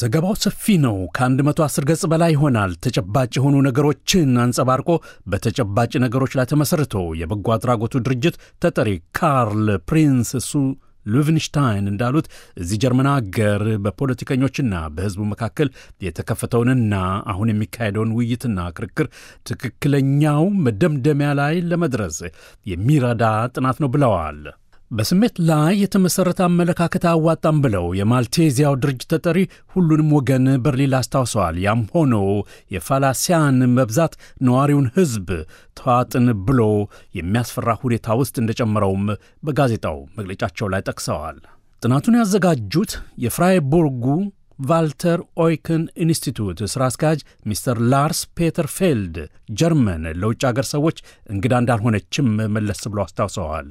ዘገባው ሰፊ ነው። ከ110 ገጽ በላይ ይሆናል። ተጨባጭ የሆኑ ነገሮችን አንጸባርቆ በተጨባጭ ነገሮች ላይ ተመሠርቶ የበጎ አድራጎቱ ድርጅት ተጠሪ ካርል ፕሪንስ እሱ ሉቭንሽታይን እንዳሉት እዚህ ጀርመን አገር በፖለቲከኞችና በሕዝቡ መካከል የተከፈተውንና አሁን የሚካሄደውን ውይይትና ክርክር ትክክለኛው መደምደሚያ ላይ ለመድረስ የሚረዳ ጥናት ነው ብለዋል። በስሜት ላይ የተመሠረተ አመለካከት አዋጣም ብለው የማልቴዚያው ድርጅት ተጠሪ ሁሉንም ወገን በርሊል አስታውሰዋል። ያም ሆኖ የፋላሲያን መብዛት ነዋሪውን ሕዝብ ተዋጥን ብሎ የሚያስፈራ ሁኔታ ውስጥ እንደጨመረውም በጋዜጣው መግለጫቸው ላይ ጠቅሰዋል። ጥናቱን ያዘጋጁት የፍራይቡርጉ ቫልተር ኦይክን ኢንስቲትዩት ሥራ አስኪያጅ ሚስተር ላርስ ፔተር ፌልድ ጀርመን ለውጭ አገር ሰዎች እንግዳ እንዳልሆነችም መለስ ብሎ አስታውሰዋል።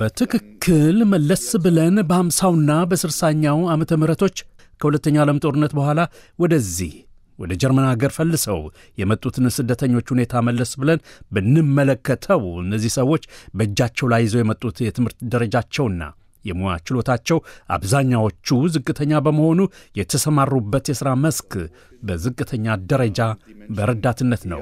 በትክክል መለስ ብለን በ50ና በ60ኛው ዓመተ ምሕረቶች ከሁለተኛው ዓለም ጦርነት በኋላ ወደዚህ ወደ ጀርመን ሀገር ፈልሰው የመጡትን ስደተኞች ሁኔታ መለስ ብለን ብንመለከተው እነዚህ ሰዎች በእጃቸው ላይ ይዘው የመጡት የትምህርት ደረጃቸውና የሙያ ችሎታቸው አብዛኛዎቹ ዝቅተኛ በመሆኑ የተሰማሩበት የሥራ መስክ በዝቅተኛ ደረጃ በረዳትነት ነው።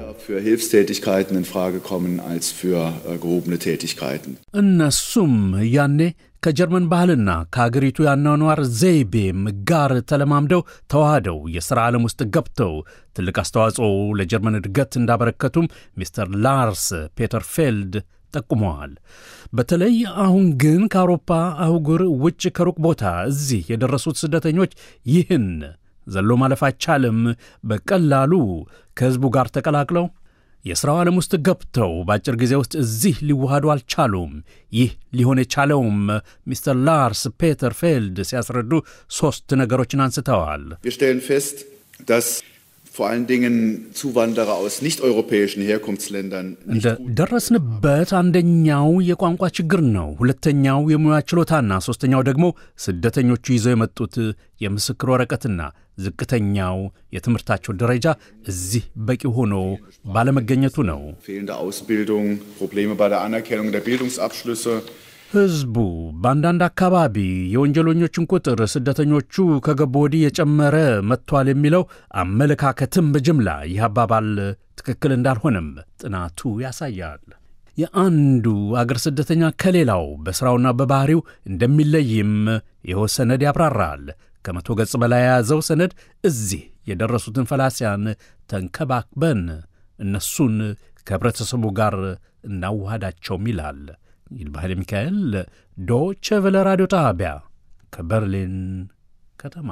እነሱም ያኔ ከጀርመን ባህልና ከአገሪቱ ያኗኗር ዘይቤም ጋር ተለማምደው ተዋህደው የሥራ ዓለም ውስጥ ገብተው ትልቅ አስተዋጽኦ ለጀርመን እድገት እንዳበረከቱም ሚስተር ላርስ ፔተርፌልድ ጠቁመዋል። በተለይ አሁን ግን ከአውሮፓ አህጉር ውጭ ከሩቅ ቦታ እዚህ የደረሱት ስደተኞች ይህን ዘሎ ማለፍ አይቻልም። በቀላሉ ከሕዝቡ ጋር ተቀላቅለው የሥራው ዓለም ውስጥ ገብተው በአጭር ጊዜ ውስጥ እዚህ ሊዋሃዱ አልቻሉም። ይህ ሊሆን የቻለውም ሚስተር ላርስ ፔተር ፌልድ ሲያስረዱ ሦስት ነገሮችን አንስተዋል። እንደደረስንበት አንደኛው የቋንቋ ችግር ነው። ሁለተኛው የሙያ ችሎታና ሦስተኛው ደግሞ ስደተኞቹ ይዘው የመጡት የምስክር ወረቀትና ዝቅተኛው የትምህርታቸው ደረጃ እዚህ በቂ ሆኖ ባለመገኘቱ ነው። ህዝቡ በአንዳንድ አካባቢ የወንጀለኞችን ቁጥር ስደተኞቹ ከገቡ ወዲህ የጨመረ መጥቷል የሚለው አመለካከትም በጅምላ ይህ አባባል ትክክል እንዳልሆነም ጥናቱ ያሳያል። የአንዱ አገር ስደተኛ ከሌላው በሥራውና በባሕሪው እንደሚለይም ይኸው ሰነድ ያብራራል። ከመቶ ገጽ በላይ የያዘው ሰነድ እዚህ የደረሱትን ፈላሲያን ተንከባክበን እነሱን ከህብረተሰቡ ጋር እናዋሃዳቸውም ይላል። ይልባህል ሚካኤል ዶቸ ቨለ ራዲዮ ጣቢያ ከበርሊን ከተማ